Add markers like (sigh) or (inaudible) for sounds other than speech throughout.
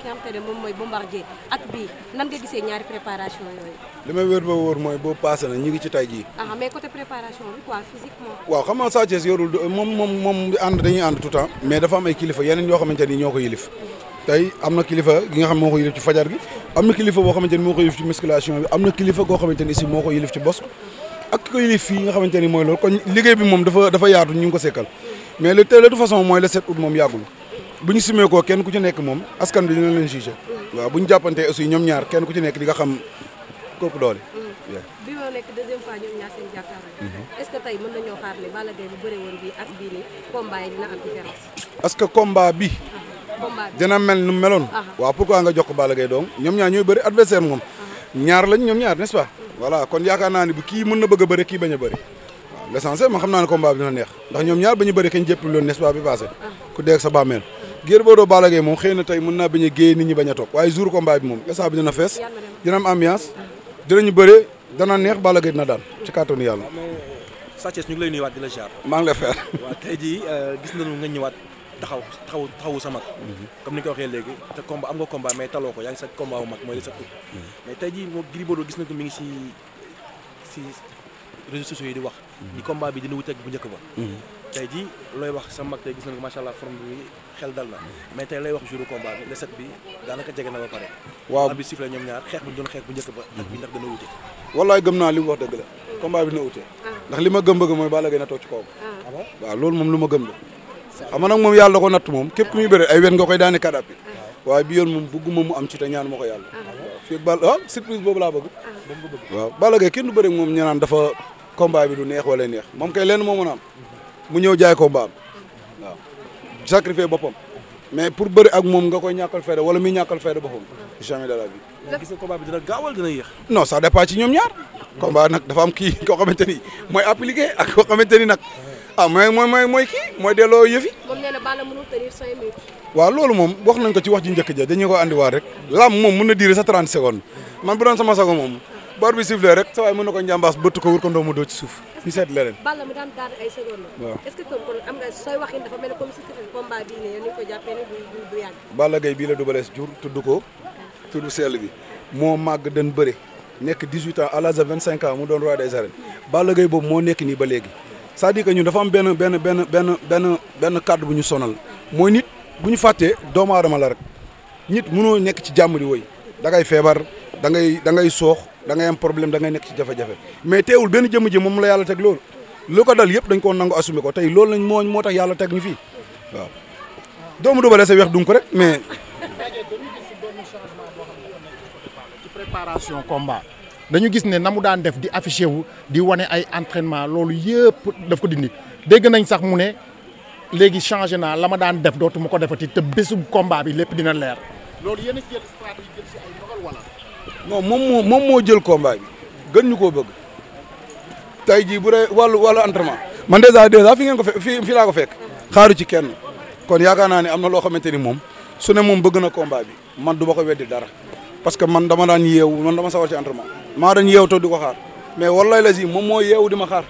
ki moom mooy bombardier ak bii nan nga gisee ñaari préparation yooyu. li may wér ba mooy boo paase na ñu ngi ci tay jii. ah mais côté préparation bi moom moom moom ànd dañuy ànd tout temps. mais dafa am kilifa yeneen yoo xamante ni ñoo ko yilif tey am na kilifa gi nga xam moo ko yilif gi am na kilifa boo xamante moo ko yilif ci musculation bi am na si moo ko yilif ci nga xamante ni mooy loolu ko liggéey bi moom dafa dafa yaatu ñu ngi ko sekkal mais le de toute façon mooy le 7 août moom yàggul bu ñu simee koo kenn ku ci nekk moom askan bi dina leen jugé waaw bu ñu jàppantee aussi ñoom ñaar nga xam kooku doole. bi ma nekk mhm. bi ak bii nii uh-huh. mel nu meloon. Uh-huh. waaw pourquoi nga jox ko Balla Gaye donc ñoom ñaar ñooy bëri adversaire moom. Uh-huh. ñaar lañ ñoom ñaar n'est-ce kon yaakaar naa ne bu kii mën na bëgg a kii bañ a bëri. waaw l'essentiel ma xam naa ne combat bi dina neex ndax ñoom ñaar ba ñu bëri kañ jëpp loolu nest bi passé ku dee ak sa bàmmeel Gris Bordeaux Balla Gaye moom xëy na tey mën naa bañ a géey nit ñi bañ a toog waaye jour combat bi moom instant bi dina fees dina am ambiance dinañu bëre dana neex Balla Gaye dina daan ci kàttanu yàlla. Ah, euh, Sathiès ñu ngi lay nuyuwaat di la jaar. maa ngi lay fayal. waaw tey jii euh, gis nañu nga ñëwaat taxaw taxaw taxawu sa mag. Mhm. comme ni nga ko waxee léegi te combat am nga combat mais taloo ko yaa ngi sa combat wu mag mooy li sa tur. Mhm. mais tey jii moom Gris Bordeaux gis nañu ko mi ngi si si réseaux sociaux yi di wax. Mhm. ni combat bi dina wuteeg bu njëkk ba. tey ji looy wax sa mag tey gis nañ ko macha allah forme bi xel dal na mais tey lay wax jour combat bi le set bi daanaka jege na ba pare. waaw bi sifle ñoom ñaar xeex bu ñu doon xeex bu njëkk ba. ak bi ndax dana wute. wallaay gëm naa li mu wax dëgg la. combat bi dina wute. ndax li ma gëm bëgg mooy Balla Gaye na toog ci kawam. Ah. Ah waaw loolu moom lu ma gëm la. xam nag moom yàlla da ko natt moom képp ku muy bëre ay wen nga koy daane kadaab bi. Ah. waaye bi yoon moom bëgguma mu am ci te ñaan ma ko yàlla. waaw fii Balla ah surprise boobu laa bëgg. waaw Balla Gaye kenn moom ñu naan dafa bi du neex wala neex moom kay lenn moo mën a am mu ñëw jaay combat am sacrifier boppam mais pour bëri ak moom nga koy ñàkkal fayda wala muy ñàkkal fayda boppam jamais de la vie. mais gis nga dina gaaw dina yéex. non ça dépend ci ñoom ñaar. combat nag dafa am kii koo xamante ni mooy appliqué ak koo xamante ni nag ah mooy mooy mooy kii mooy delloo yëfi. moom nee na Balla waaw loolu moom wax nañ ko ci wax ji njëkk ja dañu ko andiwaat rek. lam moom mën na diir sa 30 secondes man bu doon sama sago moom. boor bi sifflé rek mën na ko njàmbaas bëtt ko wër ko ndox mu doo ci suuf ñu seet leneen. Balla mu daan si combat bii ne ko jàppee ne du du jur tudd ko. tudd sell bi moo màgg dañ bëre. nekk 18 ans à l'âge de 25 ans mu doon roi des arènes. Balla Gaye boobu moo nekk nii ba léegi. cest ñu dafa am benn benn benn benn benn benn kàddu bu ñu sonal mooy nit bu ñu fàttee doomu aadama la rek ñit mënoo nekk ci jàmm di woy dagay feebar dangay dangay soox dangay ngay problème da ngay nekk ci jafe-jafe mais teewul benn jëmm ji moom la yàlla teg loolu lu ko dal yëpp dañ koo nangu assumé ko tey loolu lañ moo moo tax yàlla teg ñu fii waaw doomu dubale sa weex dun ko rek mais préparation combat dañu gis ne na mu daan def di affiché wu di wane ay entraînement loolu yëpp daf ko dindi dégg nañ sax mu ne léegi changé naa la ma daan def dootuma ko defati te bésub combat bi lépp dina leer non moom moo moom moo jël combat bi gën ñu koo bëgg tey jii bu dee wàllu wàllu entraînement man dèjà dèjà fi ngeen ko fe fi fi laa ko fekk xaaru ci kenn kon yaakaar naa ne am na loo xamante ni moom su ne moom bëgg na combat bi man du ma ko weddi dara parce que man dama daan yeewu man dama sawar ci entraînement maa daan yeewu to di ko xaar mais wallaay la si moom moo yeewu di ma xaar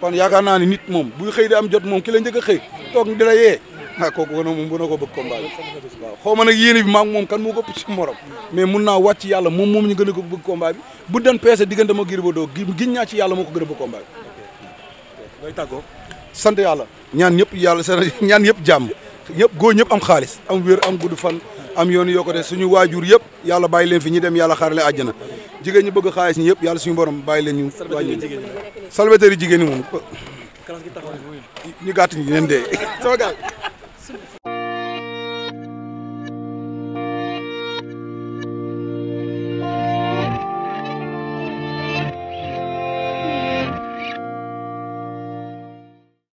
kon yaakaar naa ne nit moom buy xëy di am jot moom ki la njëkk a xëy toog di la yee ah (laughs) kooku woon na moom gën ko bëgg combat bi waaw xaw ma nag yéene bi maa ngi moom kan moo ko ëpp ci morom mais mun naa wàcc yàlla moom moom ñu gën ko bëgg combat bi bu yàlla ko sant yàlla ñaan ñëpp yàlla sa (laughs) ñaan ñëpp jàmm ñëpp góor ñëpp am xaalis am wér am gudd fan am yoonu yokkute ñu waajur yëpp yàlla bàyyi leen fi ñi dem yàlla xaar leen jigéen ñi bëgg xaalis ñi yëpp yàlla suñu borom bàyyi leen ñu wàññi salvateurs yi ñi moom ñu gàtt ñi neen dee sama